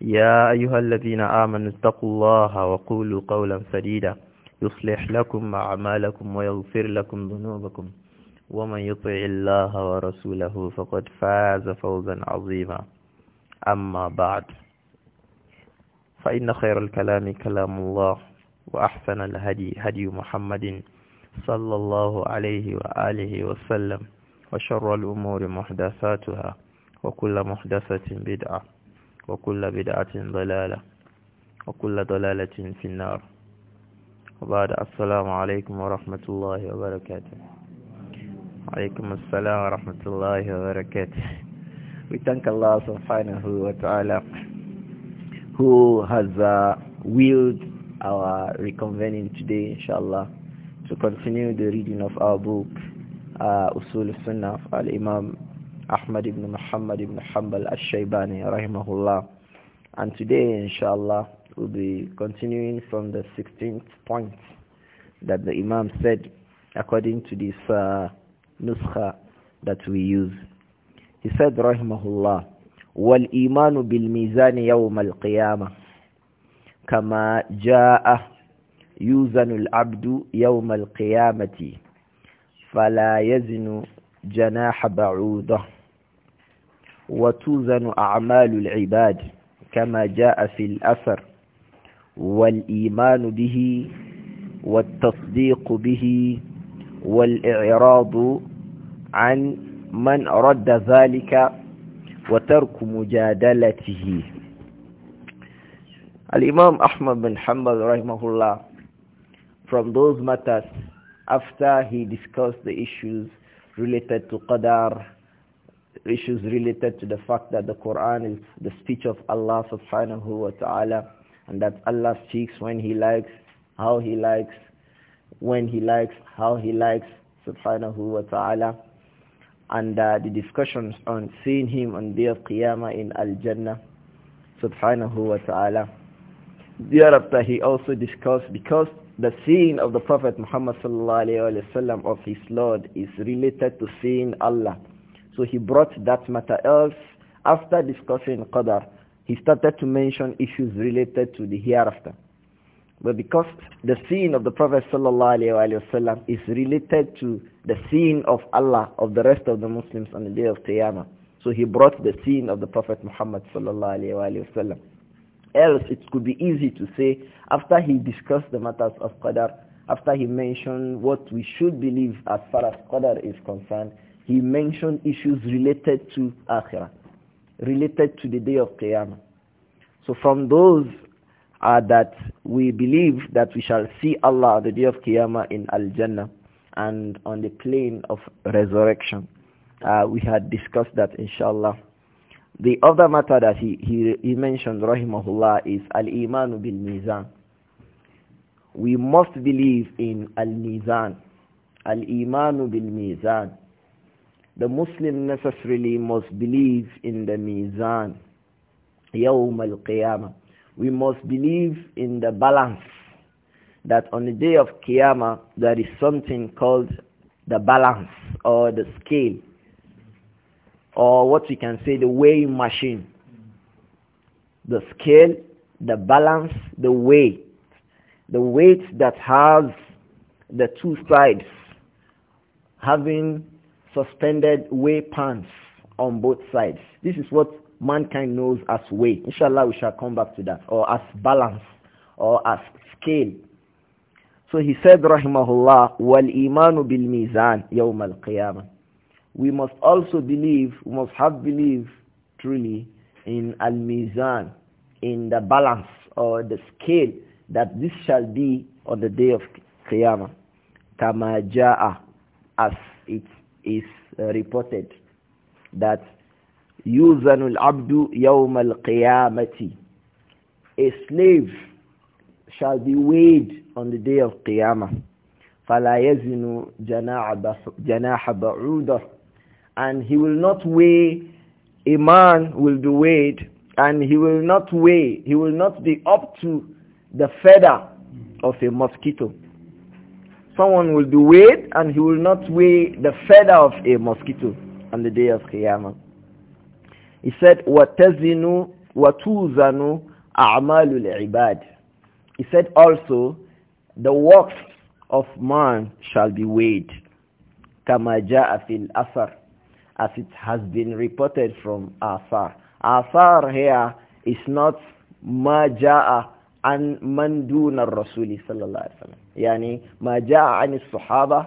يا أيها الذين آمنوا اتقوا الله وقولوا قولا سديدا يصلح لكم أعمالكم ويغفر لكم ذنوبكم ومن يطع الله ورسوله فقد فاز فوزا عظيما أما بعد فإن خير الكلام كلام الله وأحسن الهدي هدي محمد صلى الله عليه وآله وسلم وشر الأمور محدثاتها وكل محدثة بدعة وكل بدعة ضلالة وكل ضلالة في النار وبعد السلام عليكم ورحمة الله وبركاته عليكم السلام ورحمة الله وبركاته We thank Allah subhanahu wa ta'ala who has uh, willed our reconvening today inshallah to continue the reading of our book uh, Usul Sunnah of Al-Imam Ahmad ibn Muhammad ibn Hanbal al-Shaybani rahimahullah. And today, inshallah, we'll be continuing from the 16th point that the Imam said according to this uh, nuskha that we use. He said, rahimahullah, والإيمان بالميزان يوم القيامة كما جاء يوزن العبد يوم القيامة فلا يزن جناح بعوضه وتوزن أعمال العباد كما جاء في الأثر والإيمان به والتصديق به والإعراض عن من رد ذلك وترك مجادلته الإمام أحمد بن حمد رحمه الله from those matters after he discussed the issues related to qadar issues related to the fact that the Quran is the speech of Allah subhanahu wa ta'ala and that Allah speaks when he likes, how he likes, when he likes, how he likes subhanahu wa ta'ala and uh, the discussions on seeing him on the Qiyamah in Al-Jannah subhanahu wa ta'ala. Thereafter he also discussed because the seeing of the Prophet Muhammad sallallahu alayhi wa sallam of his Lord is related to seeing Allah so he brought that matter else. After discussing Qadar, he started to mention issues related to the hereafter. But because the scene of the Prophet ﷺ is related to the scene of Allah, of the rest of the Muslims on the day of Qiyamah, so he brought the scene of the Prophet Muhammad ﷺ. Else it could be easy to say, after he discussed the matters of Qadar, after he mentioned what we should believe as far as Qadar is concerned, he mentioned issues related to akhirah, related to the day of Qiyamah. So from those are that we believe that we shall see Allah the day of Qiyamah in Al-Jannah and on the plane of resurrection. Uh, we had discussed that inshallah. The other matter that he, he, he mentioned, rahimahullah, is al-imanu bil-mizan. We must believe in al-mizan. Al-imanu bil-mizan the Muslim necessarily must believe in the Mizan, Yawm al-Qiyamah. We must believe in the balance, that on the day of Qiyamah, there is something called the balance or the scale, or what we can say the weighing machine. The scale, the balance, the weight. The weight that has the two sides having suspended way pans on both sides. This is what mankind knows as weight. Inshallah, we shall come back to that. Or as balance. Or as scale. So he said, Rahimahullah, وَالْإِيمَانُ بِالْمِيزَانِ يَوْمَ الْقِيَامَةِ We must also believe, we must have belief truly in al-mizan, in the balance or the scale that this shall be on the day of Qiyamah. Kama as it is uh, reported that Abdu الْعَبْدُ al Qiyamati, A slave shall be weighed on the day of Qiyamah. فَلَا يَزِنُ جَنَاحَ بَعُودَهُ And he will not weigh, a man will be weighed, and he will not weigh, he will not be up to the feather of a mosquito. Someone will be weighed and he will not weigh the feather of a mosquito on the day of Qiyamah. He said, وَتَزِنُوا وَتُوزَنُوا أَعْمَالُ الْعِبَادِ He said also, the works of man shall be weighed. كَمَا جَاءَ فِي الْأَثَرِ As it has been reported from Asar. Asar here is not مَا جَاءَ عن من دون الرسول صلى الله عليه وسلم يعني ما جاء عن الصحابة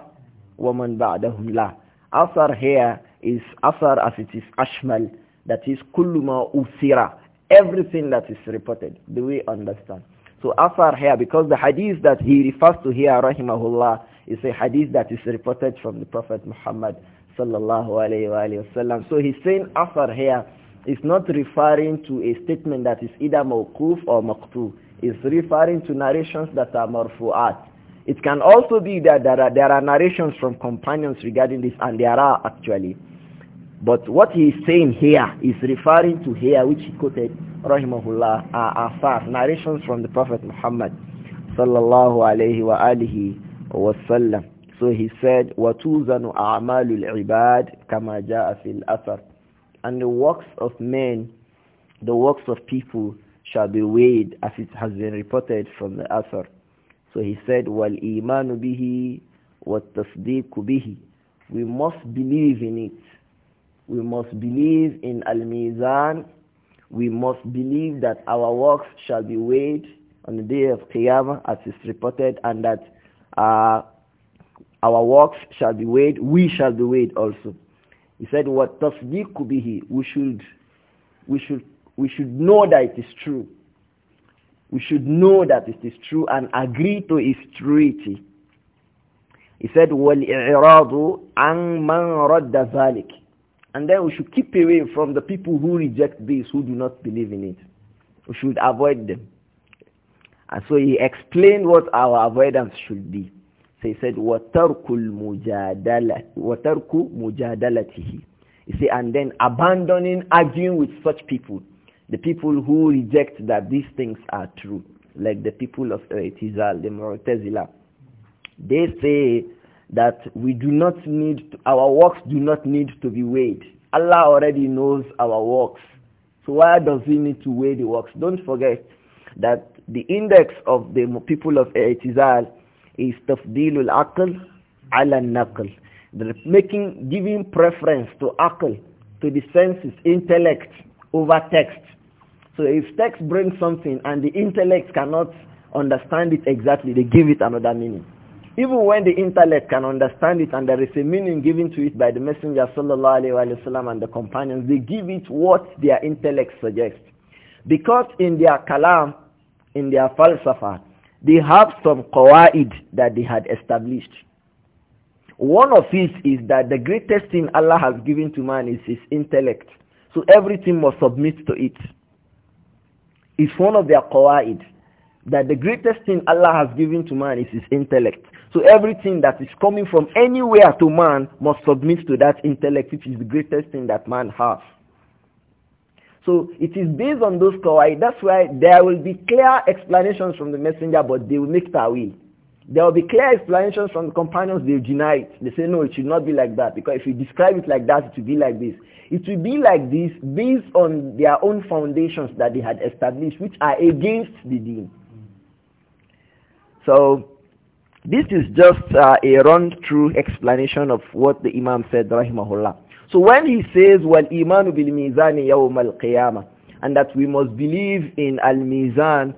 ومن بعدهم لا أثر here is أثر as it is أشمل that is كل ما أثر everything that is reported do we understand so أثر here because the hadith that he refers to here rahimahullah is a hadith that is reported from the Prophet Muhammad sallallahu alayhi wa sallam so he's saying أثر here is not referring to a statement that is either mawquf or maqtu is referring to narrations that are marfu'at. It can also be that there are, there are narrations from companions regarding this, and there are actually. But what he is saying here is referring to here, which he quoted, rahimahullah, are narrations from the Prophet Muhammad, sallallahu alayhi wa alihi wa sallam. So he said, وَتُوزَنُ أَعْمَالُ الْعِبَادِ كَمَا جَاءَ فِي الْأَثَرِ And the works of men, the works of people, shall be weighed as it has been reported from the author. So he said, وَالْإِيمَانُ بِهِ وَالتَّصْدِيقُ بِهِ We must believe in it. We must believe in Al-Mizan. We must believe that our works shall be weighed on the day of Qiyamah as is reported and that uh, our works shall be weighed. We shall be weighed also. He said, وَالتَّصْدِيقُ بِهِ We should, we should we should know that it is true. We should know that it is true and agree to its truth. He said, وَالْإِعْرَاضُ عَنْ مَنْ رَدَّ ذَلِكَ And then we should keep away from the people who reject this, who do not believe in it. We should avoid them. And so he explained what our avoidance should be. So he said, وَتَرْكُ الْمُجَادَلَةِ وَتَرْكُ مُجَادَلَتِهِ He said, and then abandoning arguing with such people. The people who reject that these things are true, like the people of Israel, the Mu'tazila, they say that we do not need, to, our works do not need to be weighed. Allah already knows our works. So why does he need to weigh the works? Don't forget that the index of the people of Eretizal is tafdilul aql ala naql. Making, giving preference to aql, to the senses, intellect over text. So if text brings something and the intellect cannot understand it exactly, they give it another meaning. Even when the intellect can understand it and there is a meaning given to it by the Messenger sallallahu and the companions, they give it what their intellect suggests. Because in their kalam, in their falsafa, they have some qawaid that they had established. One of it is that the greatest thing Allah has given to man is his intellect. So everything must submit to it. It's one of their qawaid that the greatest thing Allah has given to man is his intellect. So everything that is coming from anywhere to man must submit to that intellect, which is the greatest thing that man has. So it is based on those qawaid. That's why there will be clear explanations from the messenger, but they will make ta'wil. There will be clear explanations from the companions. They deny it. They say, no, it should not be like that. Because if you describe it like that, it will be like this. It will be like this based on their own foundations that they had established, which are against the deen. So this is just uh, a run-through explanation of what the Imam said, rahimahullah. So when he says, "Well, iman bil mizan yawm al qiyamah," and that we must believe in al mizan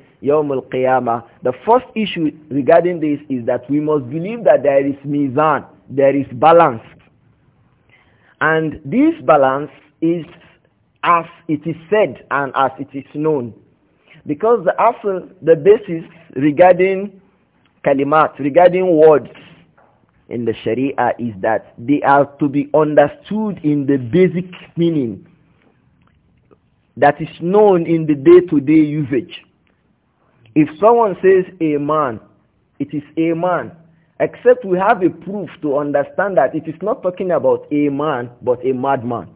qiyamah The first issue regarding this is that we must believe that there is mizan, there is balance. And this balance is as it is said and as it is known. Because the asl, the basis regarding kalimat, regarding words in the sharia is that they are to be understood in the basic meaning that is known in the day to -day usage. If someone says a man, it is a man. Except we have a proof to understand that it is not talking about a man, but a madman.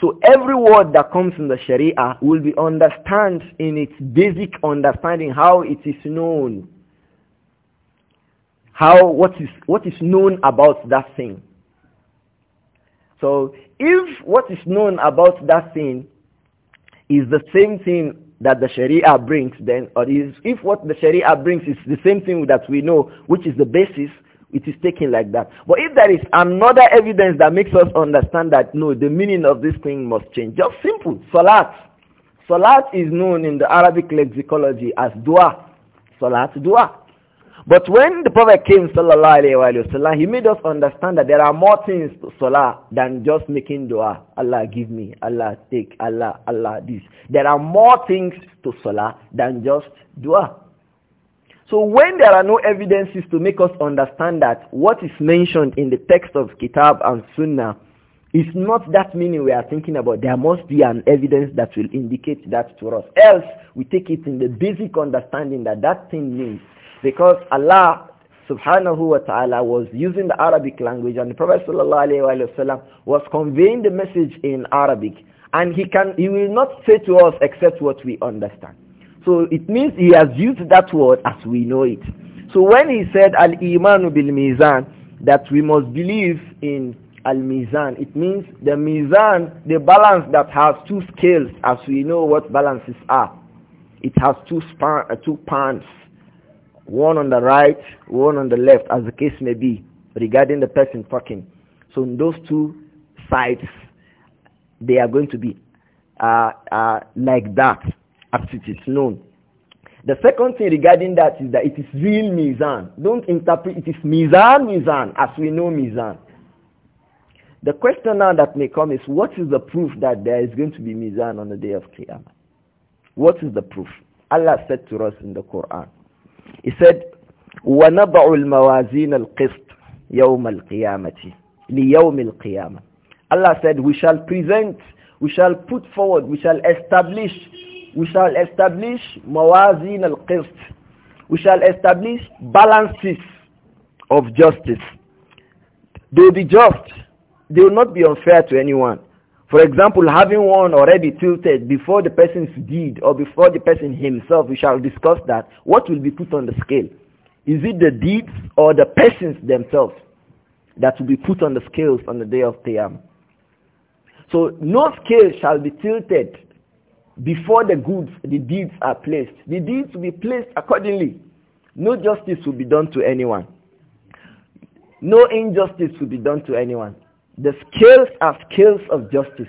So every word that comes in the Sharia will be understood in its basic understanding, how it is known. How, what is, what is known about that thing. So if what is known about that thing is the same thing that the Sharia brings then, or is, if what the Sharia brings is the same thing that we know, which is the basis, it is taken like that. But if there is another evidence that makes us understand that, no, the meaning of this thing must change. Just simple, salat. Salat is known in the Arabic lexicology as dua. Salat, dua. But when the Prophet came, sallallahu alayhi wa he made us understand that there are more things to salah than just making dua. Allah give me, Allah take, Allah, Allah this. There are more things to salah than just dua. So when there are no evidences to make us understand that what is mentioned in the text of Kitab and Sunnah is not that meaning we are thinking about, there must be an evidence that will indicate that to us. Else, we take it in the basic understanding that that thing means because Allah subhanahu wa ta'ala was using the Arabic language and the Prophet sallallahu was conveying the message in Arabic and he can he will not say to us except what we understand. So it means he has used that word as we know it. So when he said al-iman bil mizan that we must believe in al-mizan it means the mizan the balance that has two scales as we know what balances are. It has two span, uh, two pans one on the right, one on the left, as the case may be, regarding the person talking. So in those two sides, they are going to be uh, uh, like that, as it is known. The second thing regarding that is that it is real mizan. Don't interpret it is mizan, mizan, as we know mizan. The question now that may come is, what is the proof that there is going to be mizan on the day of Qiyamah? What is the proof? Allah said to us in the Quran, he said, وَنَضَعُ الْمَوَازِينَ الْقِسْطِ يَوْمَ الْقِيَامَةِ لِيَوْمِ الْقِيَامَةِ Allah said, we shall present, we shall put forward, we shall establish, we shall establish mawazin al-qist. We shall establish balances of justice. They will be just. They will not be unfair to anyone. For example, having one already tilted before the person's deed or before the person himself, we shall discuss that. What will be put on the scale? Is it the deeds or the persons themselves that will be put on the scales on the day of Qiyam? So no scale shall be tilted before the goods, the deeds are placed. The deeds will be placed accordingly. No justice will be done to anyone. No injustice will be done to anyone. The scales are scales of justice.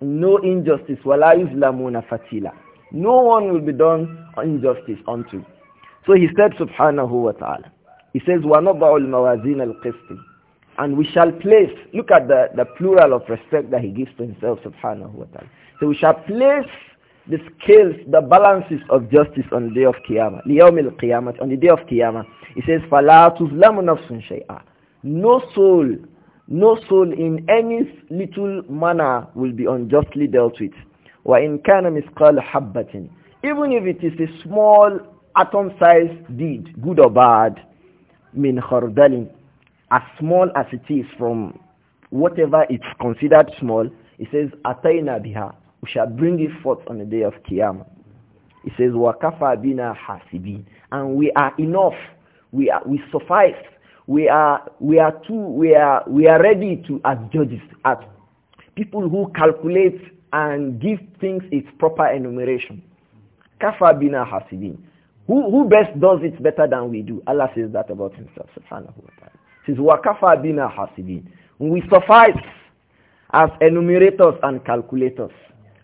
No injustice. وَلَا يُظْلَمُونَ fatila. No one will be done injustice unto. So he said, subhanahu wa ta'ala. He says, وَنَضَعُ الْمَوَازِينَ الْقِسْطِ And we shall place, look at the, the plural of respect that he gives to himself, subhanahu wa ta'ala. So we shall place the scales, the balances of justice on the day of Qiyamah. لِيَوْمِ الْقِيَامَةِ On the day of Qiyamah. He says, فَلَا تُظْلَمُ نَفْسٌ شَيْئًا No soul no soul in any little manner will be unjustly dealt with. وَإِنْ كَانَ مِثْقَالَ حَبَّةٍ Even if it is a small atom-sized deed, good or bad, min khardalin, as small as it is from whatever it's considered small, it says, أَتَيْنَا بِهَا We shall bring it forth on the day of Qiyamah. It says, وَكَفَى بِنَا حَاسِبِينَ And we are enough. We, are, we suffice we are we are too we are we are ready to as judges as people who calculate and give things its proper enumeration. Kafa bina hasibin. Who who best does it better than we do? Allah says that about himself. Subhanahu wa ta'ala. Says wakafa bina hasibin. We suffice as enumerators and calculators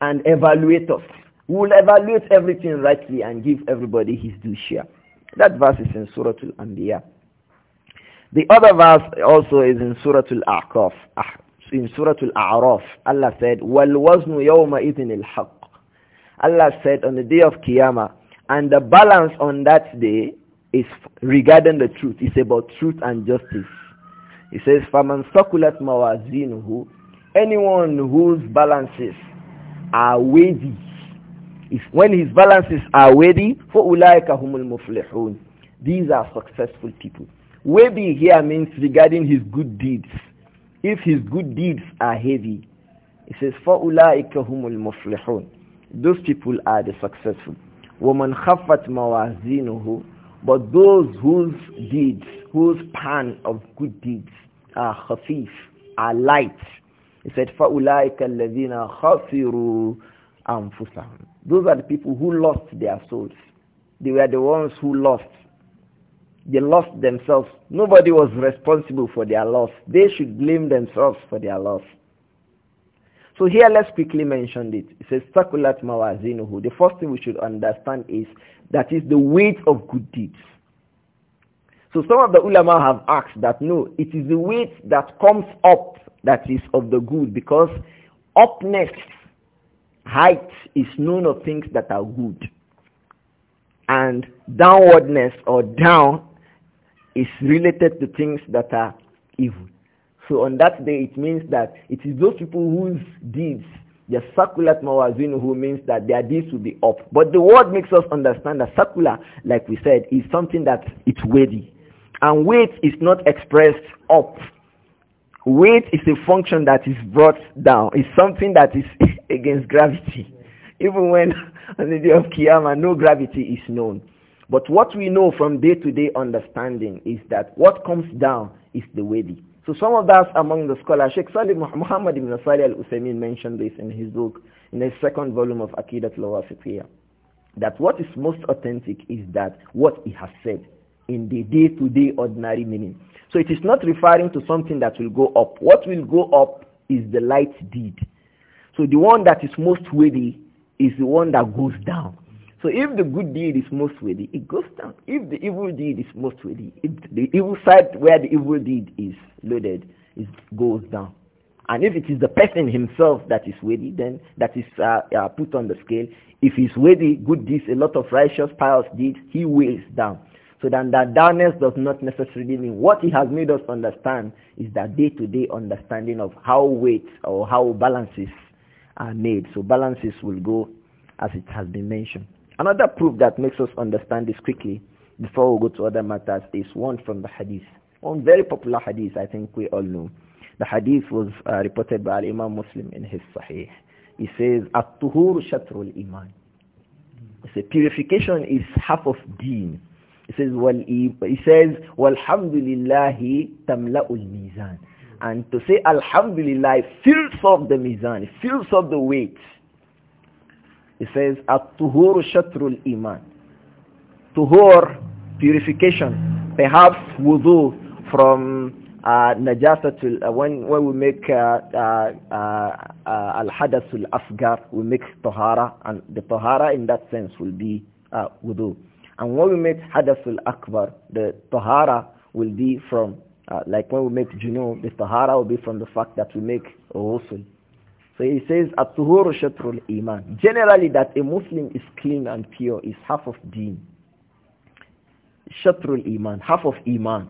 and evaluators. We will evaluate everything rightly and give everybody his due share. That verse is in Surah Al-Anbiya. The other verse also is in Surah Al-Aqaf. Ah, in Surah Al-A'raf, Allah said, وَالْوَزْنُ يَوْمَئِذٍ الْحَقِّ Allah said on the day of Qiyamah, and the balance on that day is regarding the truth. It's about truth and justice. He says, فَمَنْ سَكُلَتْ مَوَازِينُهُ Anyone whose balances are weighty, if when his balances are weighty, فَأُولَٰئِكَ هُمُ الْمُفْلِحُونَ These are successful people. Webi here means regarding his good deeds. If his good deeds are heavy, it says, فَأُولَٰئِكَ هُمُ الْمُفْلِحُونَ Those people are the successful. وَمَنْ خَفَّتْ مَوَازِينُهُ But those whose deeds, whose pan of good deeds are khafif, are light. He said, فَأُولَٰئِكَ الَّذِينَ خَفِرُوا أَنفُسَهُمْ Those are the people who lost their souls. They were the ones who lost they lost themselves. Nobody was responsible for their loss. They should blame themselves for their loss. So here let's quickly mention it. It says Sakulat Mawazinuhu. The first thing we should understand is that is the weight of good deeds. So some of the ulama have asked that no, it is the weight that comes up that is of the good because upness, height is known of things that are good. And downwardness or down is related to things that are evil. So on that day, it means that it is those people whose deeds, the circular mawazinu, who means that their deeds will be up. But the word makes us understand that circular, like we said, is something that it's weighty. And weight is not expressed up. Weight is a function that is brought down. It's something that is against gravity. Even when on the day of Kiyama, no gravity is known. But what we know from day-to-day understanding is that what comes down is the weighty. So some of us among the scholars, Sheikh Salih Muhammad ibn Salih al-Uthaymeen mentioned this in his book, in the second volume of Akidat al-Wasitiyah, that what is most authentic is that what he has said in the day-to-day -day ordinary meaning. So it is not referring to something that will go up. What will go up is the light deed. So the one that is most weighty is the one that goes down. So if the good deed is most worthy, it goes down. If the evil deed is most worthy, the evil side where the evil deed is loaded, it goes down. And if it is the person himself that is worthy, then that is uh, uh, put on the scale. If he's worthy, good deeds, a lot of righteous, pious deeds, he weighs down. So then that darkness does not necessarily mean what he has made us understand is that day-to-day -day understanding of how weights or how balances are made. So balances will go as it has been mentioned. Another proof that makes us understand this quickly before we go to other matters is one from the hadith. One very popular hadith I think we all know. The hadith was uh, reported by Imam Muslim in his Sahih. He says, At-tuhur shatrul iman. He says, purification is half of deen. He says, well, he says, Walhamdulillahi tamla'ul mizan. And to say Alhamdulillah fills up the mizan, fills up the weight. It says, at tuhur shatrul iman. Tuhur, purification. Perhaps wudu from uh, najasatul, uh, when, when we make uh, uh, uh, uh al-hadathul asgar, we make tahara, and the tahara in that sense will be uh, wudu. And when we make hadathul akbar, the tahara will be from, like when we make junub, the tahara will be from the fact that we make ghusl. So he says, at shatrul iman. Generally that a Muslim is clean and pure is half of deen. Shatrul iman, half of iman.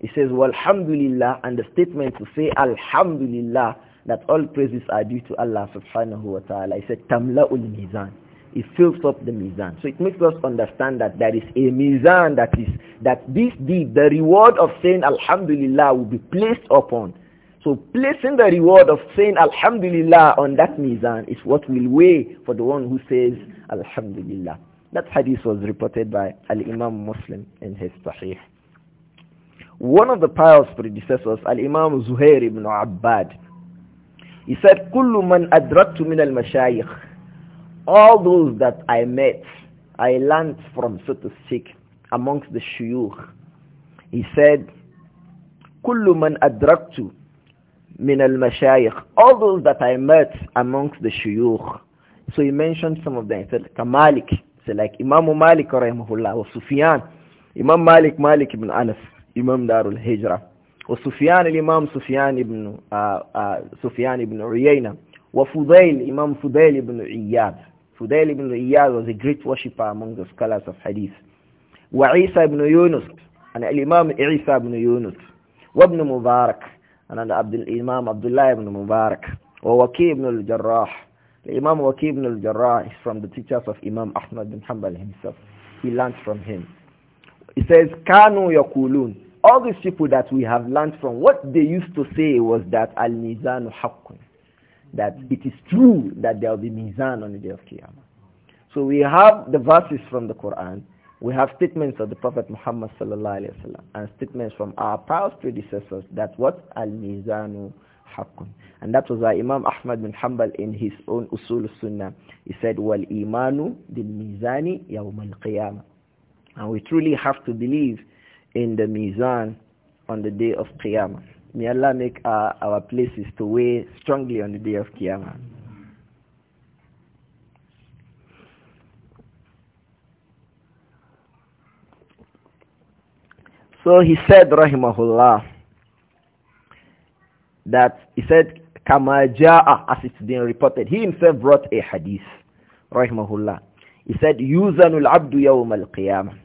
He says, Walhamdulillah, and the statement to say Alhamdulillah, that all praises are due to Allah subhanahu wa ta'ala. He said, Tamla'ul mizan. It fills up the mizan. So it makes us understand that there is a mizan that is, that this deed, the reward of saying Alhamdulillah will be placed upon so placing the reward of saying Alhamdulillah on that mizan is what will weigh for the one who says Alhamdulillah. That hadith was reported by Al-Imam Muslim in his Sahih. One of the pious predecessors, Al-Imam Zuhair ibn Abbad, he said, كل من أدركت من المشايخ All those that I met, I learned from, so to speak, amongst the shuyukh. He said, كل من أدركت min al-mashayikh, all those that I met amongst the shuyukh. So he mentioned some of them. He said, Kamalik, so like Imam Malik rahimahullah, or Sufyan, Imam Malik Malik ibn Anas, Imam Darul Hijra, or Sufyan al-Imam Sufyan ibn, uh, uh, Sufyan ibn Uyayna, or Fudail, Imam Fudail ibn Iyad. Fudail ibn Iyad was a great worshipper among the scholars of Hadith. Wa Isa ibn Yunus, and al-Imam Isa ibn Yunus, wa ibn Mubarak, and the Imam Abdullah ibn Mubarak or Waqi ibn al-Jarrah. The Imam Waqi al-Jarrah is from the teachers of Imam Ahmad bin Hanbal himself. He learned from him. He says, Kanu yakulun. All these people that we have learned from, what they used to say was that al-mizanu haqqun. That it is true that there will be mizan on the day of Qiyamah. So we have the verses from the Quran we have statements of the Prophet Muhammad sallallahu alaihi wasallam and statements from our past predecessors that what al-mizanu haqqun. And that was why Imam Ahmad bin Hanbal in his own Usul Sunnah, he said wal imanu bil mizani yawm al-qiyamah. And we truly have to believe in the mizan on the day of Qiyamah. May Allah make our places to weigh strongly on the day of Qiyamah. So he said, rahimahullah, that he said, kama as it's been reported. He himself brought a hadith, rahimahullah. He said, yuzanul abdu yawm al-qiyamah.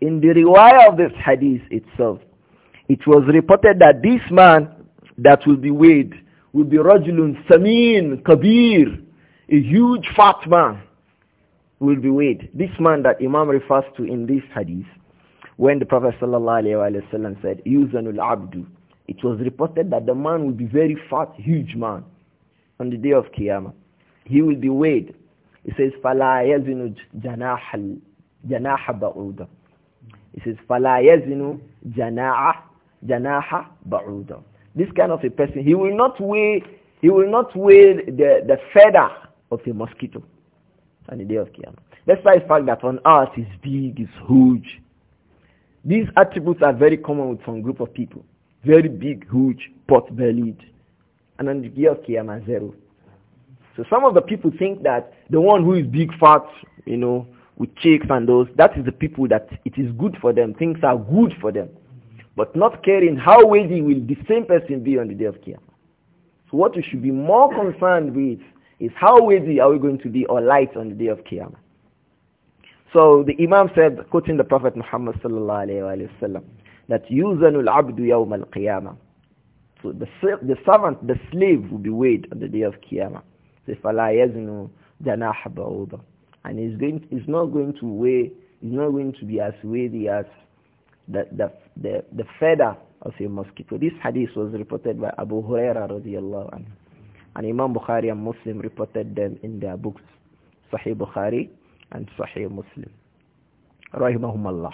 In the riwayah of this hadith itself, it was reported that this man that will be weighed will be rajulun samin kabir, a huge fat man will be weighed. This man that Imam refers to in this hadith when the Prophet ﷺ said, Yuzanul Abdu, it was reported that the man will be very fat, huge man on the day of Qiyamah. He will be weighed. It says, فَلَا يَزِنُ جَنَاحَ بَعُودًا It says, فَلَا يَزِنُ جَنَاحَ بَعُودًا This kind of a person, he will not weigh, he will not weigh the, the feather of a mosquito on the day of Qiyamah. That's why the fact that on earth is big, is huge, these attributes are very common with some group of people. Very big, huge, pot-bellied. And on the day of Qiyamah, zero. So some of the people think that the one who is big, fat, you know, with cheeks and those, that is the people that it is good for them. Things are good for them. But not caring how weighty will the same person be on the day of care. So what we should be more concerned with is how weighty are we going to be or light on the day of care. So the Imam said, quoting the Prophet Muhammad sallallahu alayhi wa sallam, that يُوزَنُ الْعَبْدُ يَوْمَ الْقِيَامَةِ So the, the servant, the slave will be weighed on the day of Qiyamah. So فَلَا يَزْنُ جَنَاحَ بَعُوضًا And he's, going, he's not going to weigh, he's not going to be as weighty as the, the, the, the feather of a mosquito. This hadith was reported by Abu Huraira radiallahu anhu. And Imam Bukhari and Muslim reported them in their books, Sahih Bukhari and Sahih Muslim. Rahimahumullah.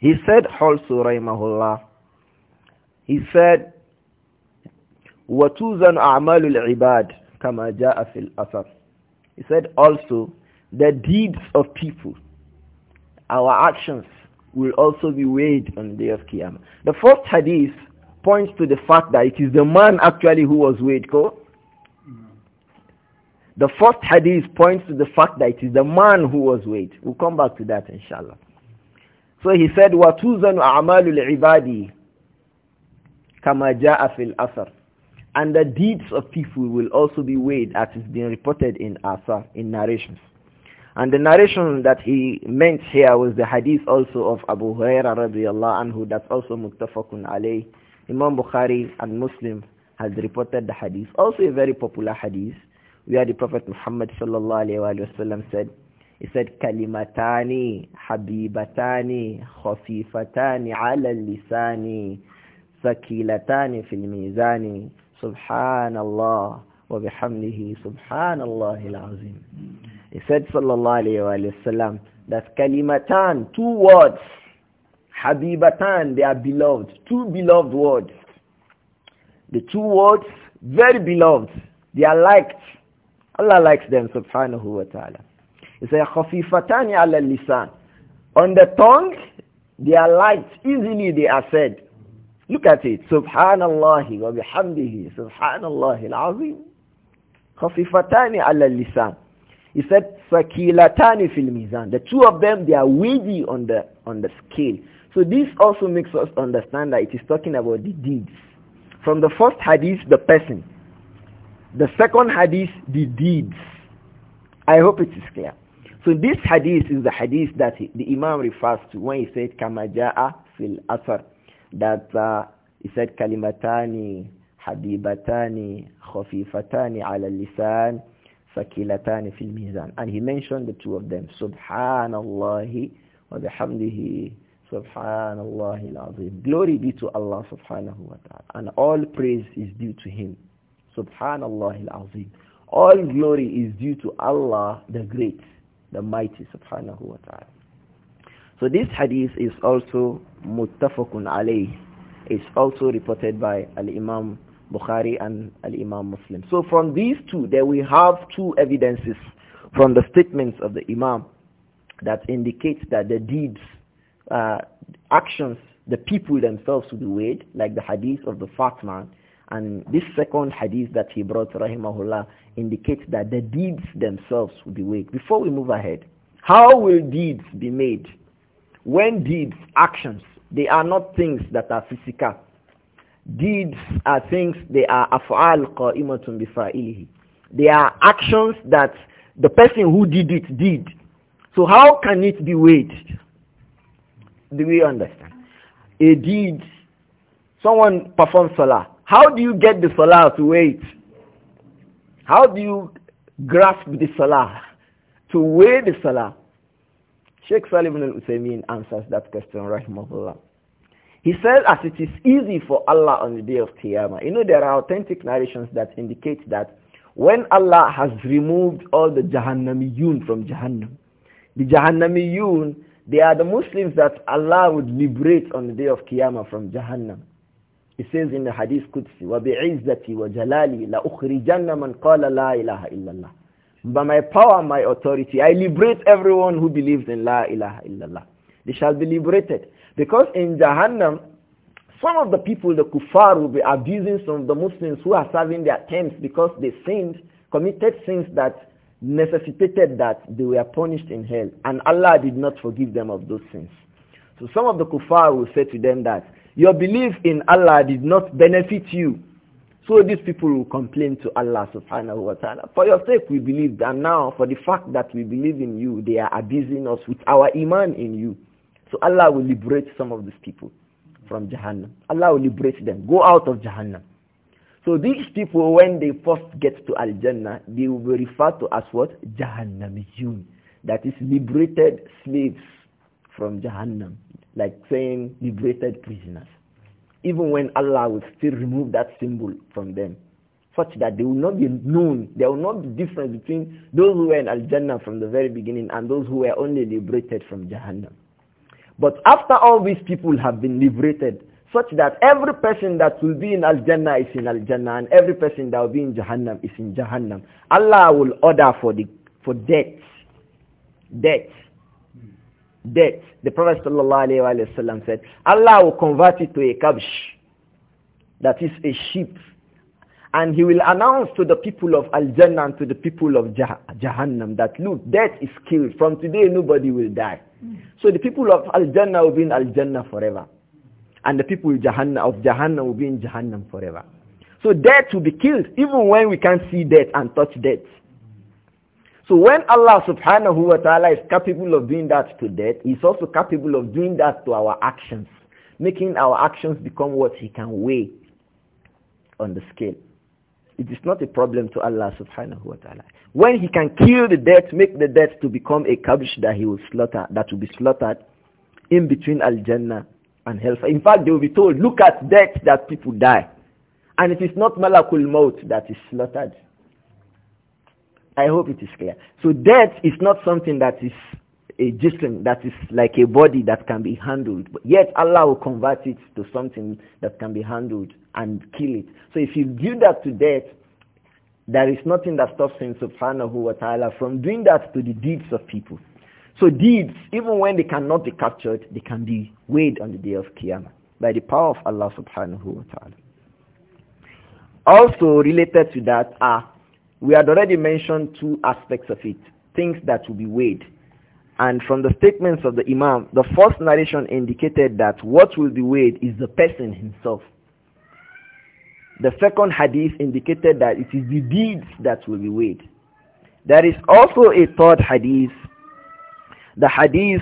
He said also, Rahimahullah, he said, وَتُوزَنْ amalul ibad kama jaa fil الْأَثَرِ He said also, the deeds of people, our actions, will also be weighed on the day of Qiyamah. The first hadith points to the fact that it is the man actually who was weighed. The first hadith points to the fact that it is the man who was weighed. We'll come back to that inshallah. So he said, وَتُوزَنُ أَعْمَالُ ibadi, كَمَا جَاءَ فِي الْأَثَرِ And the deeds of people will also be weighed as is being reported in Asar, in narrations. And the narration that he meant here was the hadith also of Abu Huraira radiallahu anhu, that's also muttafaqun alayh. Imam Bukhari and Muslim has reported the hadith, also a very popular hadith where the Prophet Muhammad sallallahu alaihi wasallam said, he said, kalimatani, habibatani, khafifatani, ala lisani, sakilatani fil mizani, subhanallah, wa bihamdihi, subhanallah al-azim. He said, sallallahu alayhi wa sallam, that kalimatan, two words, habibatan, they are beloved, two beloved words. The two words, very beloved, they are liked Allah likes them subhanahu wa ta'ala. He says, خَفِيفَتَانِ ala lisan. On the tongue, they are light. Easily they are said. Look at it. Subhanallah wa bihamdihi. Subhanallah al-azim. خَفِيفَتَانِ ala lisan. He said, سَكِيلَتَانِ fil mizan. The two of them, they are weighty on the, on the scale. So this also makes us understand that it is talking about the deeds. From the first hadith, the person. The second hadith, the deeds. I hope it is clear. So this hadith is the hadith that he, the Imam refers to when he said kamaja'a fil asar that uh, he said kalimatani habibatani khafifatani ala lisan sakilatani fil mizan and he mentioned the two of them subhanallahi wa bihamdihi subhanallahi alazim glory be to Allah subhanahu wa ta'ala and all praise is due to him Subhanallah al-Azim. All glory is due to Allah the Great, the Mighty, subhanahu wa ta'ala. So this hadith is also muttafaqun alayh. It's also reported by al-Imam Bukhari and al-Imam Muslim. So from these two, there we have two evidences from the statements of the Imam that indicate that the deeds, uh, actions, the people themselves would be weighed, like the hadith of the fat man, and this second hadith that he brought, rahimahullah, indicates that the deeds themselves will be weighed. Before we move ahead, how will deeds be made? When deeds, actions, they are not things that are physical. Deeds are things, they are af'al qa'imatun bifa'ilihi. They are actions that the person who did it did. So how can it be weighed? Do we understand? A deed, someone performs salah. How do you get the salah to wait? How do you grasp the salah? To weigh the salah? Sheikh Salim al Utsaimin answers that question, rahimahullah. He says, as it is easy for Allah on the day of Qiyamah. You know, there are authentic narrations that indicate that when Allah has removed all the Jahannamiyun from Jahannam, the Jahannamiyun, they are the Muslims that Allah would liberate on the day of Qiyamah from Jahannam. It says in the Hadith Qudsi, وَبِعِزَّتِي وَجَلَالِي لَأُخْرِجَنَّ مَنْ قَالَ لَا إِلَهَ إِلَّا اللَّهِ By my power, my authority, I liberate everyone who believes in La ilaha illallah. They shall be liberated. Because in Jahannam, some of the people, the kuffar, will be abusing some of the Muslims who are serving their terms because they sinned, committed sins that necessitated that they were punished in hell. And Allah did not forgive them of those sins. So some of the kuffar will say to them that your belief in Allah did not benefit you. So these people will complain to Allah subhanahu wa ta'ala. For your sake we believe and now for the fact that we believe in you, they are abusing us with our iman in you. So Allah will liberate some of these people from Jahannam. Allah will liberate them. Go out of Jahannam. So these people, when they first get to Al-Jannah, they will be referred to as what? Jahannamiyun. That is liberated slaves from Jahannam like saying liberated prisoners. Even when Allah will still remove that symbol from them, such that they will not be known, there will not be difference between those who were in Al-Jannah from the very beginning and those who were only liberated from Jahannam. But after all these people have been liberated, such that every person that will be in Al-Jannah is in Al-Jannah and every person that will be in Jahannam is in Jahannam. Allah will order for, the, for death, death death, the Prophet ﷺ said, Allah will convert it to a kabsh, that is a sheep. And he will announce to the people of Al-Jannah and to the people of Jahannam that, look, death is killed. From today, nobody will die. Mm. So the people of Al-Jannah will be in Al-Jannah forever. And the people of Jahannam, of Jahannam will be in Jahannam forever. So death will be killed even when we can't see death and touch death. So when Allah subhanahu wa ta'ala is capable of doing that to death, he's also capable of doing that to our actions, making our actions become what he can weigh on the scale. It is not a problem to Allah subhanahu wa ta'ala. When he can kill the death, make the death to become a kabish that he will slaughter, that will be slaughtered in between Al-Jannah and hellfire. In fact, they will be told, look at death that people die. And it is not Malakul Maut that is slaughtered. I hope it is clear. So death is not something that is a jism, that is like a body that can be handled. But yet Allah will convert it to something that can be handled and kill it. So if you do that to death, there is nothing that stops him, subhanahu wa ta'ala, from doing that to the deeds of people. So deeds, even when they cannot be captured, they can be weighed on the day of Qiyamah by the power of Allah subhanahu wa ta'ala. Also related to that are we had already mentioned two aspects of it, things that will be weighed. And from the statements of the Imam, the first narration indicated that what will be weighed is the person himself. The second hadith indicated that it is the deeds that will be weighed. There is also a third hadith, the hadith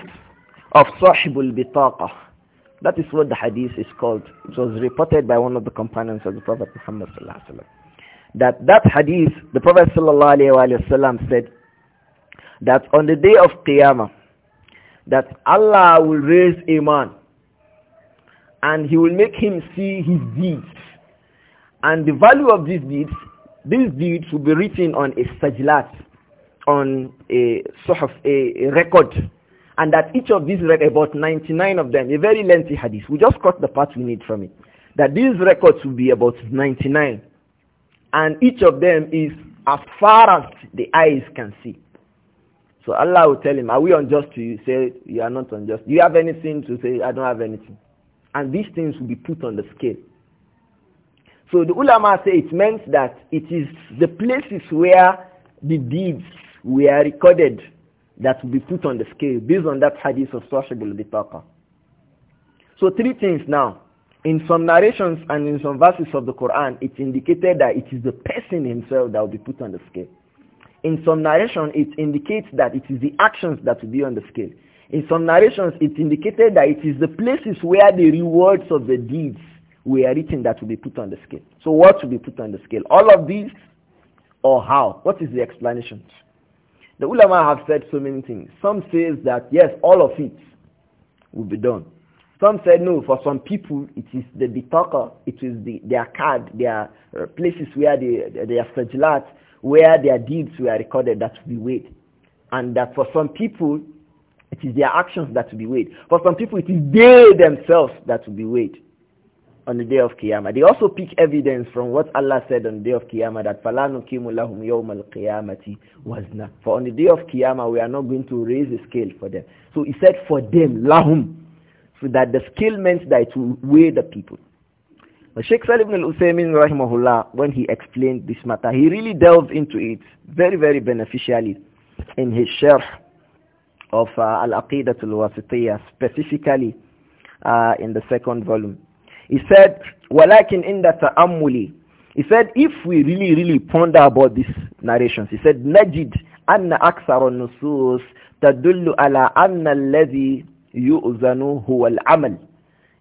of Sahibul Bitaqa. That is what the hadith is called. It was reported by one of the companions of the Prophet Muhammad sallallahu alaihi wasallam that that hadith, the Prophet ﷺ said that on the day of Qiyamah, that Allah will raise a man and he will make him see his deeds. And the value of these deeds, these deeds will be written on a sajlat, on a sort of a, a record. And that each of these records, about 99 of them, a very lengthy hadith. We just cut the part we need from it. That these records will be about 99 and each of them is as far as the eyes can see. So Allah will tell him, are we unjust to you? Say, you are not unjust. Do you have anything to say? I don't have anything. And these things will be put on the scale. So the ulama say it means that it is the places where the deeds were recorded that will be put on the scale based on that hadith of Sahib al-Bitaqa. So three things now. In some narrations and in some verses of the Quran, it's indicated that it is the person himself that will be put on the scale. In some narration, it indicates that it is the actions that will be on the scale. In some narrations, it indicated that it is the places where the rewards of the deeds were written that will be put on the scale. So what will be put on the scale? All of these or how? What is the explanation? The ulama have said so many things. Some says that yes, all of it will be done. Some said no, for some people it is the bitaka, it is the, their card, their uh, places where they, are sajilat, where their deeds were recorded that will be weighed. And that for some people it is their actions that will be weighed. For some people it is they themselves that will be weighed on the day of Qiyamah. They also pick evidence from what Allah said on the day of Qiyamah that فَلَا نُكِيمُ لَهُمْ يَوْمَ الْقِيَامَةِ وَزْنًا For on the day of Qiyamah, we are not going to raise a scale for them. So he said for them, lahum that the scale meant that it will weigh the people. But Sheikh Salih ibn al-Uthaymin rahimahullah, when he explained this matter, he really delved into it very, very beneficially in his sharh of uh, Al-Aqidat al-Wasitiyah, specifically uh, in the second volume. He said, وَلَكِنْ إِنْدَ تَأَمُّلِ He said, if we really, really ponder about these narrations, he said, نَجِدْ أَنَّ أَكْثَرُ النُّصُوصِ تَدُلُّ عَلَىٰ أَنَّ الَّذِي yu'zanu al amal.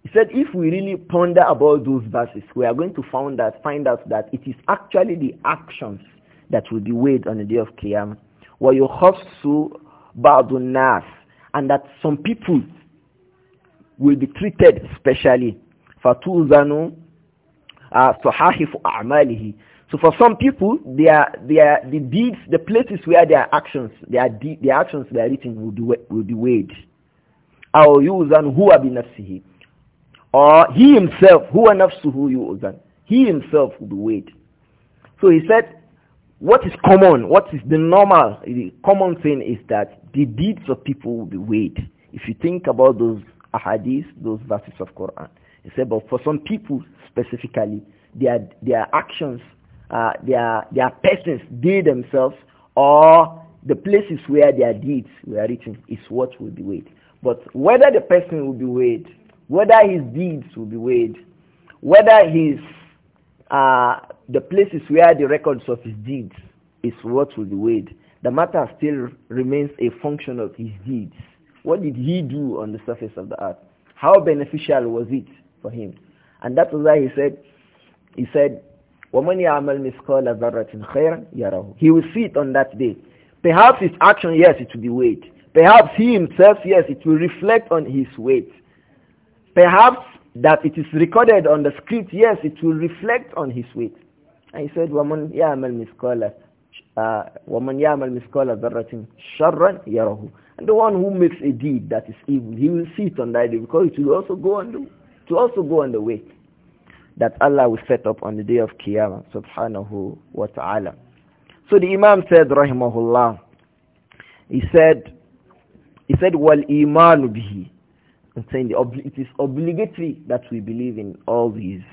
He said, if we really ponder about those verses, we are going to find out, find out that it is actually the actions that will be weighed on the day of Qiyamah. وَيُخَصُّ بَعْضُ النَّاسِ And that some people will be treated specially. hafi for amalihi. So for some people, their, their, the deeds, the places where their actions, their, de- their actions, their written will be, will be weighed. أو يؤذن هو بنفسه or he himself هو نفسه يؤذن he himself will be weighed so he said what is common what is the normal the common thing is that the deeds of people will be weighed if you think about those ahadith those verses of Quran he said but for some people specifically their their actions uh, their their persons they themselves or the places where their deeds were written is what will be weighed but whether the person will be weighed, whether his deeds will be weighed, whether his uh, the places where the records of his deeds is what will be weighed, the matter still remains a function of his deeds. What did he do on the surface of the earth? How beneficial was it for him? And that was why he said, he said, وَمَنْ يَعْمَلْ مِثْقَالَ ذَرَّةٍ خَيْرًا يَرَهُ He will see it on that day. Perhaps his action, yes, it will be weighed. Perhaps he himself, yes, it will reflect on his weight. Perhaps that it is recorded on the script, yes, it will reflect on his weight. And he said, وَمَنْ يَعْمَلْ woman, ya يَعْمَلْ مِثْقَالَ ذَرَّةٍ sharran yarahu." And the one who makes a deed that is evil, he will see it on that day because it will also go on the, to also go on the way that Allah will set up on the day of Qiyamah, subhanahu wa ta'ala. So the Imam said, rahimahullah, he said, he said, "Well, iman bihi." I'm saying it is obligatory that we believe in all these.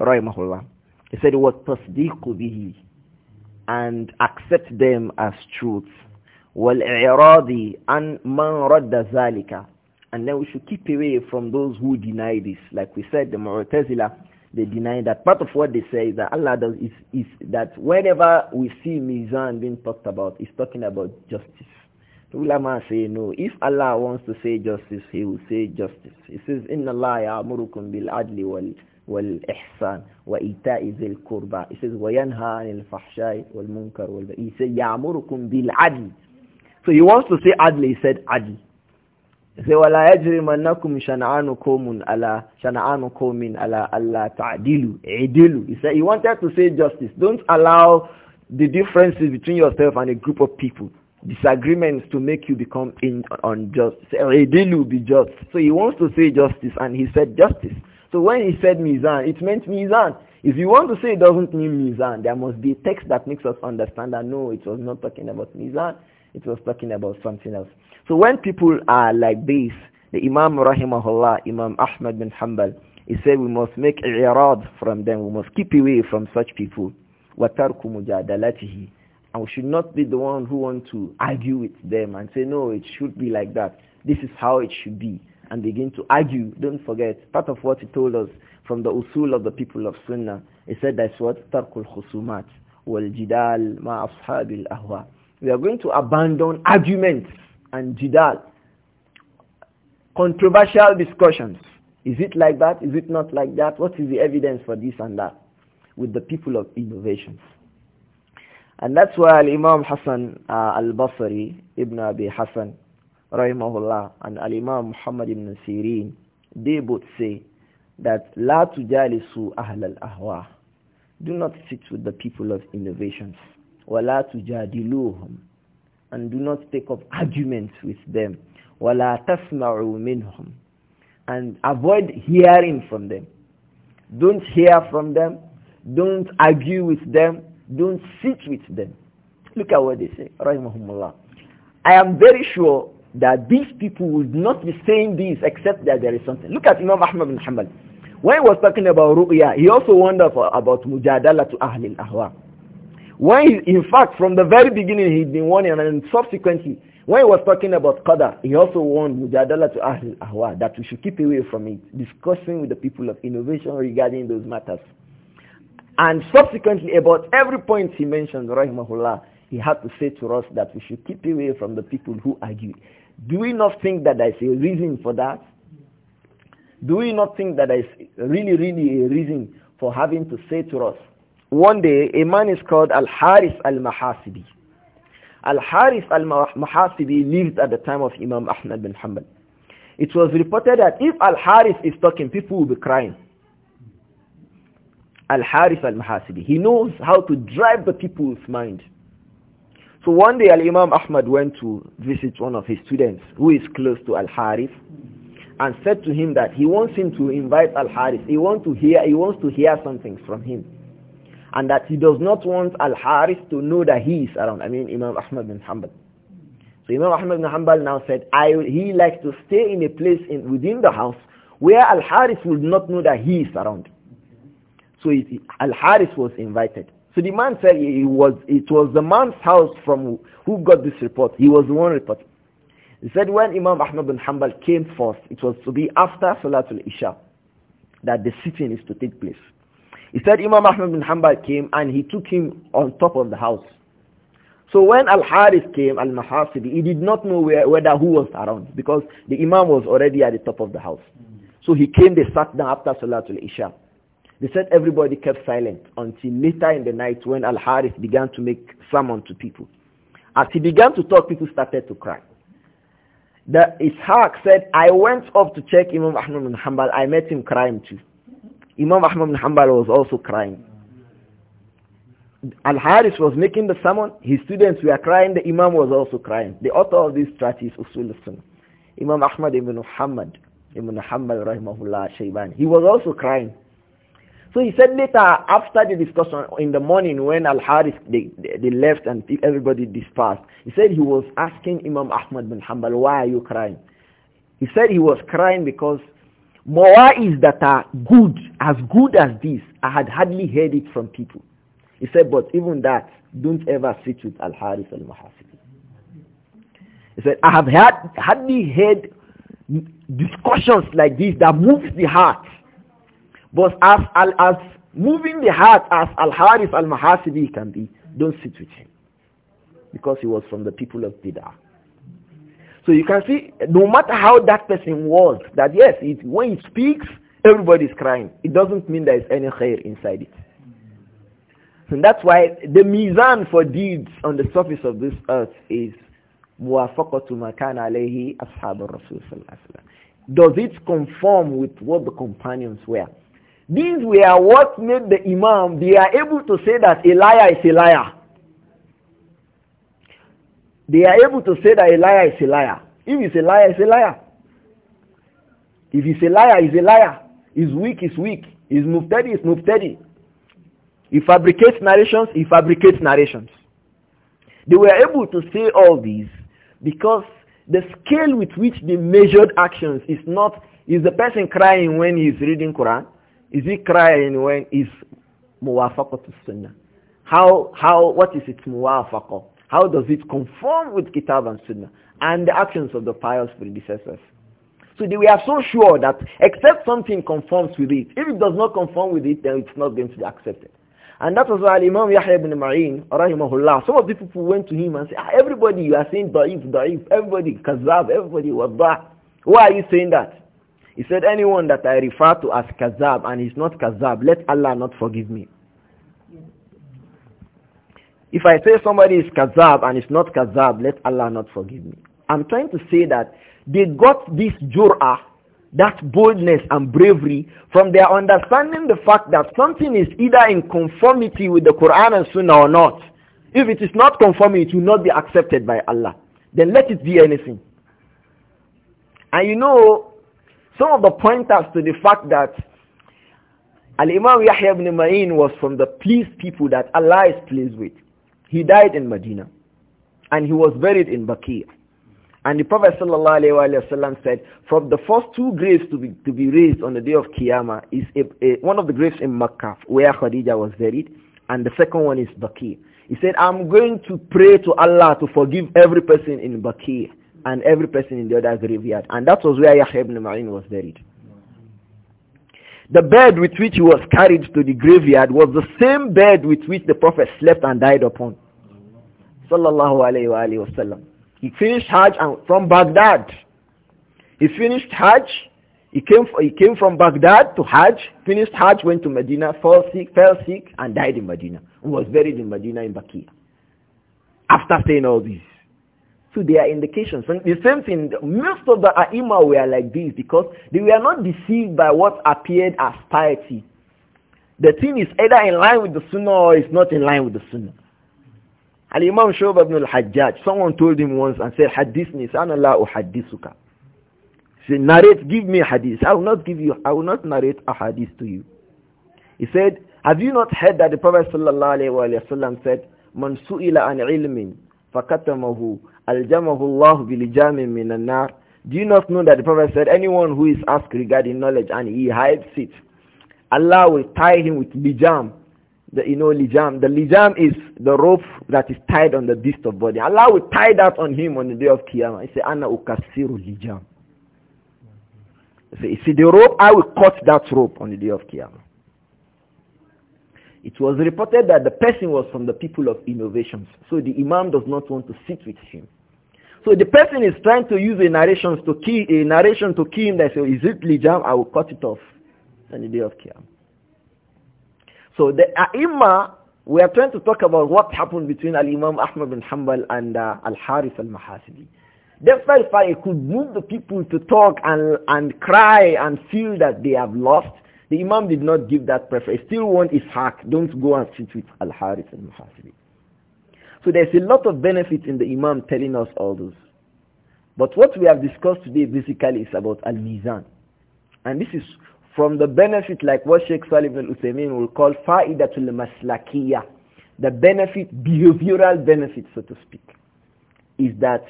Rahimahullah. He said, "What tasdiqu bihi," and accept them as truths. Well, عن من رد ذلك and then we should keep away from those who deny this like we said the Mu'tazila they deny that part of what they say is that Allah does is, is that whenever we see Mizan being talked about it's talking about justice the say no. If Allah wants to say justice, He will say justice. He says, "Inna Allah ya'murukum bil adli wal wal ihsan wa ita'i zil qurba." He says, "Wa yanha 'anil fahsha'i wal munkar wal baghi." He says, "Ya'murukum bil adli." So he wants to say adli. He said adli. He said, "Wala yajrimannakum shan'anu qawmin ala shan'anu qawmin ala alla ta'dilu idilu." He said he wanted to say justice. Don't allow the differences between yourself and a group of people disagreements to make you become in, unjust. Oh, Edilu be just. So he wants to say justice and he said justice. So when he said mizan, it meant mizan. If you want to say it doesn't mean mizan, there must be a text that makes us understand that no, it was not talking about mizan. It was talking about something else. So when people are like this, the Imam Rahimahullah, Imam Ahmad bin Hanbal, he said we must make irad from them. We must keep away from such people. وَتَرْكُ مُجَادَلَتِهِ and we should not be the one who want to argue with them and say, no, it should be like that. This is how it should be. And begin to argue. Don't forget, part of what he told us from the usul of the people of Sunnah, he said that's what? Tarkul khusumat wal jidal ma ashabil ahwa. We are going to abandon arguments and jidal. Controversial discussions. Is it like that? Is it not like that? What is the evidence for this and that? With the people of innovations. And that's why al Imam Hassan uh, al-Basri, Ibn Abi Hassan, rahimahullah, and al-Imam Muhammad ibn Sirin, they both say that la tujalisu ahl al-ahwa. Do not sit with the people of innovations. وَلَا تُجَادِلُوهُمْ And do not take up arguments with them. وَلَا تَسْمَعُوا مِنْهُمْ And avoid hearing from them. Don't hear from them. Don't argue with them don't sit with them. Look at what they say. Rahimahumullah. I am very sure that these people would not be saying this except that there is something. Look at Imam Ahmad bin Hanbal. When he was talking about ru'ya, he also wondered about mujadala to ahli al-ahwa. When he, in fact, from the very beginning he'd been warning and subsequently, when he was talking about qadar, he also warned mujadala to ahli al-ahwa that we should keep away from it, discussing with the people of innovation regarding those matters. And subsequently, about every point he mentioned, rahimahullah, he had to say to us that we should keep away from the people who argue. Do we not think that there is a reason for that? Do we not think that there is really, really a reason for having to say to us? One day, a man is called Al-Haris Al-Mahasibi. Al-Haris Al-Mahasibi lived at the time of Imam Ahmad bin Hanbal. It was reported that if Al-Haris is talking, people will be crying al harif al-Mahasibi. He knows how to drive the people's mind. So one day Al-Imam Ahmad went to visit one of his students who is close to al harif and said to him that he wants him to invite al harif He wants to hear he wants to hear something from him. And that he does not want al harif to know that he is around. I mean Imam Ahmad bin Hanbal. So Imam Ahmad bin Hanbal now said, he likes to stay in a place in, within the house where al harif would not know that he is around. So it, Al-Haris was invited. So the man said it was, it was the man's house from who got this report. He was the one reporting. He said when Imam Ahmad bin Hanbal came first, it was to be after Salatul Isha that the sitting is to take place. He said Imam Ahmad bin Hanbal came and he took him on top of the house. So when al Haris came, Al-Mahasibi, he did not know where, whether who was around because the Imam was already at the top of the house. So he came, they sat down after Salatul Isha. He said everybody kept silent until later in the night when Al-Harith began to make sermon to people. As he began to talk, people started to cry. The Ishaq said, I went up to check Imam Ahmad bin Hanbal. I met him crying too. Imam Ahmad bin Hanbal was also crying. Al-Haris was making the sermon. His students were crying. The Imam was also crying. The author of this is Usul al-Sunnah, Imam Ahmad ibn Muhammad ibn Hanbal rahimahullah shaybani. He was also crying. So he said later, after the discussion in the morning when Al-Haris, they, they, left and everybody dispersed, he said he was asking Imam Ahmad bin Hanbal, why are you crying? He said he was crying because Mawa'is that are good, as good as this, I had hardly heard it from people. He said, but even that, don't ever sit with Al-Haris al-Muhasibi. He said, I have had, hardly heard discussions like this that moves the heart but as, as moving the heart as Al-Haris Al-Mahasibi can be, don't sit with him. Because he was from the people of Bid'ah. So you can see, no matter how that person was, that yes, it, when he speaks, everybody is crying. It doesn't mean there is any khair inside it. And that's why the mizan for deeds on the surface of this earth is muwafaqatu makan alayhi ashab rasul sallallahu Does it conform with what the companions were? These were what made the Imam, they are able to say that a liar is a liar. They are able to say that a liar is a liar. If he's a liar, he's a liar. If he's a liar, he's a liar. He's weak, he's weak. He's muftadi, he's muftadi. He fabricates narrations, he fabricates narrations. They were able to say all these because the scale with which they measured actions is not, is the person crying when he's reading Quran? Is he crying when it's muwafaqat sunnah? How, how, what is it muwafaqah? How does it conform with Kitab and Sunnah and the actions of the pious predecessors? So they were so sure that except something conforms with it, if it does not conform with it, then it's not going to be accepted. And that was why Imam Yahya ibn Ma'in, rahimahullah, some of the people went to him and said, ah, everybody, you are saying da'if, da'if, everybody, kazab, everybody, wadah. Why are you saying that? He said, anyone that I refer to as Kazab and is not Kazab, let Allah not forgive me. If I say somebody is Kazab and is not Kazab, let Allah not forgive me. I'm trying to say that they got this jur'ah, that boldness and bravery from their understanding the fact that something is either in conformity with the Quran and Sunnah or not. If it is not conforming, it will not be accepted by Allah. Then let it be anything. And you know, some of the pointers to the fact that Al-Imam Yahya ibn Ma'in was from the pleased people that Allah is pleased with. He died in Medina and he was buried in Bakia. And the Prophet ﷺ said, from the first two graves to be, to be raised on the day of Qiyamah is a, a, one of the graves in Makkah where Khadija was buried, and the second one is Bakia." He said, I'm going to pray to Allah to forgive every person in Bakia." and every person in the other graveyard. And that was where Yahya ibn Ma'in was buried. The bed with which he was carried to the graveyard was the same bed with which the Prophet slept and died upon. Sallallahu alayhi wa alayhi wa sallam. He finished Hajj and from Baghdad. He finished Hajj. He came, he came from Baghdad to Hajj, finished Hajj, went to Medina, fell sick, fell sick and died in Medina. He was buried in Medina in Bakia. After saying all this. So they are indications. And the same thing, most of the Aima were like this because they were not deceived by what appeared as piety. The thing is either in line with the Sunnah or it's not in line with the Sunnah. Al-Imam Shawab ibn al-Hajjaj, someone told him once and said, Hadithni, sanallahu hadithuka. He said, narrate, give me a hadith. I will not give you, I will not narrate a hadith to you. He said, have you not heard that the Prophet sallallahu alayhi wa sallam said, Man su'ila an ilmin fakatamahu Al-jamahullahu bilijamin Do you not know that the Prophet said, anyone who is asked regarding knowledge and he hides it, Allah will tie him with lijam. The, you know, lijam. The lijam is the rope that is tied on the beast of body. Allah will tie that on him on the day of Qiyamah. He said, Anna ukasiru lijam. He see the rope, I will cut that rope on the day of Qiyamah. It was reported that the person was from the people of innovations. So the Imam does not want to sit with him. So the person is trying to use a narration to key a narration to key him that say, is it lijam? I will cut it off on the day of Qiyam. So the Aima, we are trying to talk about what happened between Al-Imam Ahmad bin Hanbal and uh, Al-Harith al-Mahasibi. Despite fact it could move the people to talk and, and cry and feel that they have lost, the Imam did not give that preference. He still want his hack. Don't go and sit with Al-Harith al-Mahasibi. So there's a lot of benefit in the Imam telling us all those. But what we have discussed today basically is about Al-Mizan. And this is from the benefit like what Sheikh Salim al-Uthaymeen will call Fa'idatul Maslakiyah. The benefit, behavioral benefit so to speak, is that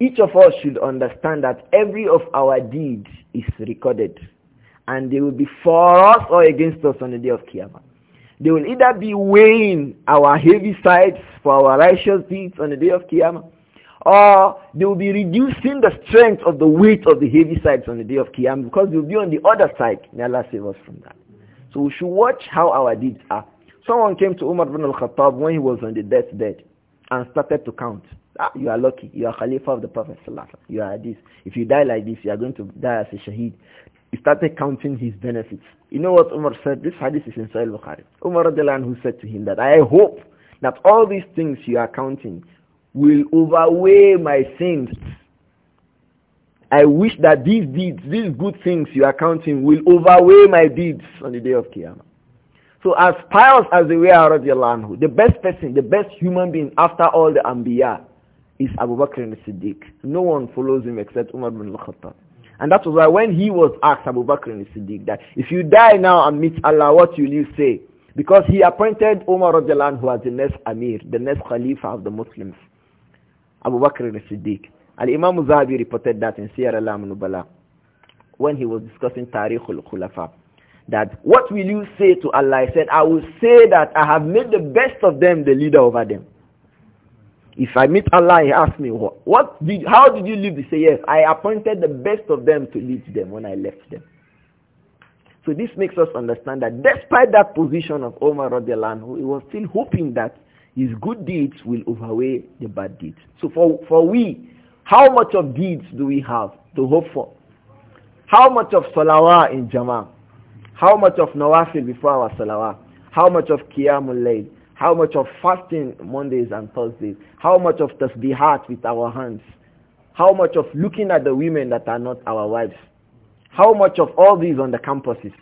each of us should understand that every of our deeds is recorded and they will be for us or against us on the day of Qiyamah. They will either be weighing our heavy sides for our righteous deeds on the day of Qiyamah, or they will be reducing the strength of the weight of the heavy sides on the day of Qiyamah because they will be on the other side. May Allah save us from that. So we should watch how our deeds are. Someone came to Umar ibn al-Khattab when he was on the deathbed and started to count. Ah, you are lucky. You are Khalifa of the Prophet. You are this. If you die like this, you are going to die as a Shaheed he started counting his benefits. You know what Umar said? This hadith is in Sahih Bukhari. Umar who said to him that I hope that all these things you are counting will overweigh my sins. I wish that these deeds, these good things you are counting will overweigh my deeds on the day of Qiyamah. So as pious as they were, anhu, the best person, the best human being after all the Anbiya is Abu Bakr al Siddiq. No one follows him except Umar bin al-Khattab. And that was why when he was asked, Abu Bakr and Siddiq, that if you die now and meet Allah, what will you say? Because he appointed Umar Rajalan who was the next Amir, the next Khalifa of the Muslims, Abu Bakr and Siddiq. And Imam Zahabi reported that in Sierra Alam Nubala when he was discussing Tariq al-Khulafa. That what will you say to Allah? He said, I will say that I have made the best of them the leader over them. If I meet Allah, he asks me, what, what did, how did you leave? He say, yes, I appointed the best of them to lead them when I left them. So this makes us understand that despite that position of Omar radiallahu he was still hoping that his good deeds will outweigh the bad deeds. So for, for we, how much of deeds do we have to hope for? How much of salawah in Jama? How much of nawafil before our salawah? How much of qiyamul layl? How much of fasting Mondays and Thursdays? How much of tasbihat with our hands? How much of looking at the women that are not our wives? How much of all these on the campuses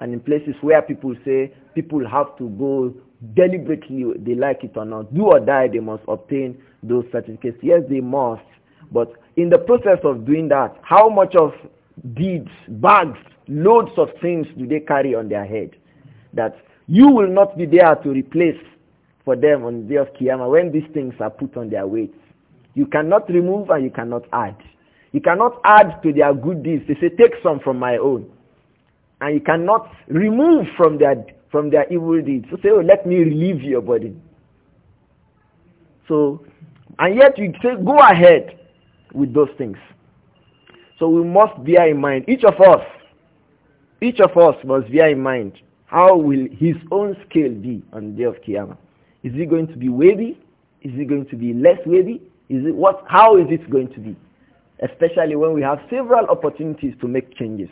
and in places where people say people have to go deliberately, they like it or not, do or die, they must obtain those certificates. Yes, they must. But in the process of doing that, how much of deeds, bags, loads of things do they carry on their head that you will not be there to replace for them on the day of Qiyamah when these things are put on their weights. You cannot remove and you cannot add. You cannot add to their good deeds. They say, take some from my own. And you cannot remove from their, from their evil deeds. So say, oh, let me relieve your burden. So, and yet you say, go ahead with those things. So we must bear in mind, each of us, each of us must bear in mind how will his own scale be on the day of Qiyamah? Is it going to be weighty? Is it going to be less weighty? Is it what? How is it going to be? Especially when we have several opportunities to make changes.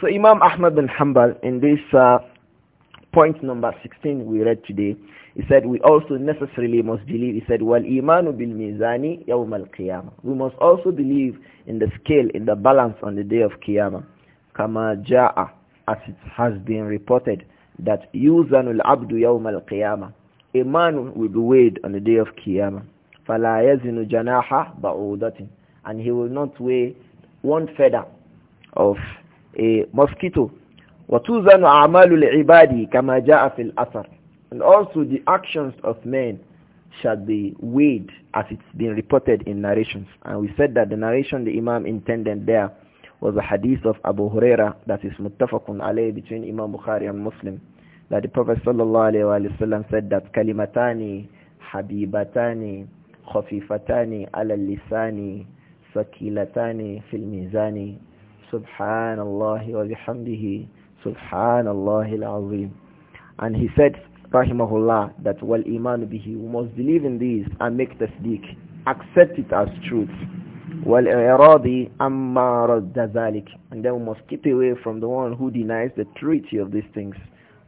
So Imam Ahmad bin Hanbal in this uh, point number 16 we read today, he said we also necessarily must believe, he said, well, imanu bil mizani yawm al qiyamah. We must also believe in the scale, in the balance on the day of qiyamah. Kama ja'a as it has been reported that yuzanul abdu yawm al a man will be weighed on the day of Qiyama. fala yazinu janaha ba'udatin and he will not weigh one feather of a mosquito wa tuzanu a'malu al-ibadi kama jaa fil athar and also the actions of men shall be weighed as it's been reported in narrations and we said that the narration the imam intended there was a hadith of Abu Huraira that is muttafaqun alayhi between Imam Bukhari and Muslim that the Prophet sallallahu alayhi wasallam said that kalimatani habibatani khafifatani ala lisani sakilatani fil mizani subhanallahi wa bihamdihi subhanallahi alazim. and he said rahimahullah that wal iman bihi we must believe in these and make tasdeeq accept it as truth وَالْإِعْرَاضِ أَمَّا رَدَّ ذَلِكَ And then we must keep away from the one who denies the truity of these things.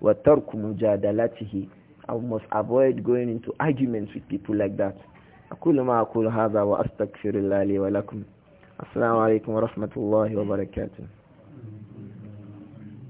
وَتَرْكُ مُجَادَلَتِهِ And we must avoid going into arguments with people like that. أقول ما أقول هذا وأستغفر الله لي ولكم السلام عليكم الله وبركاته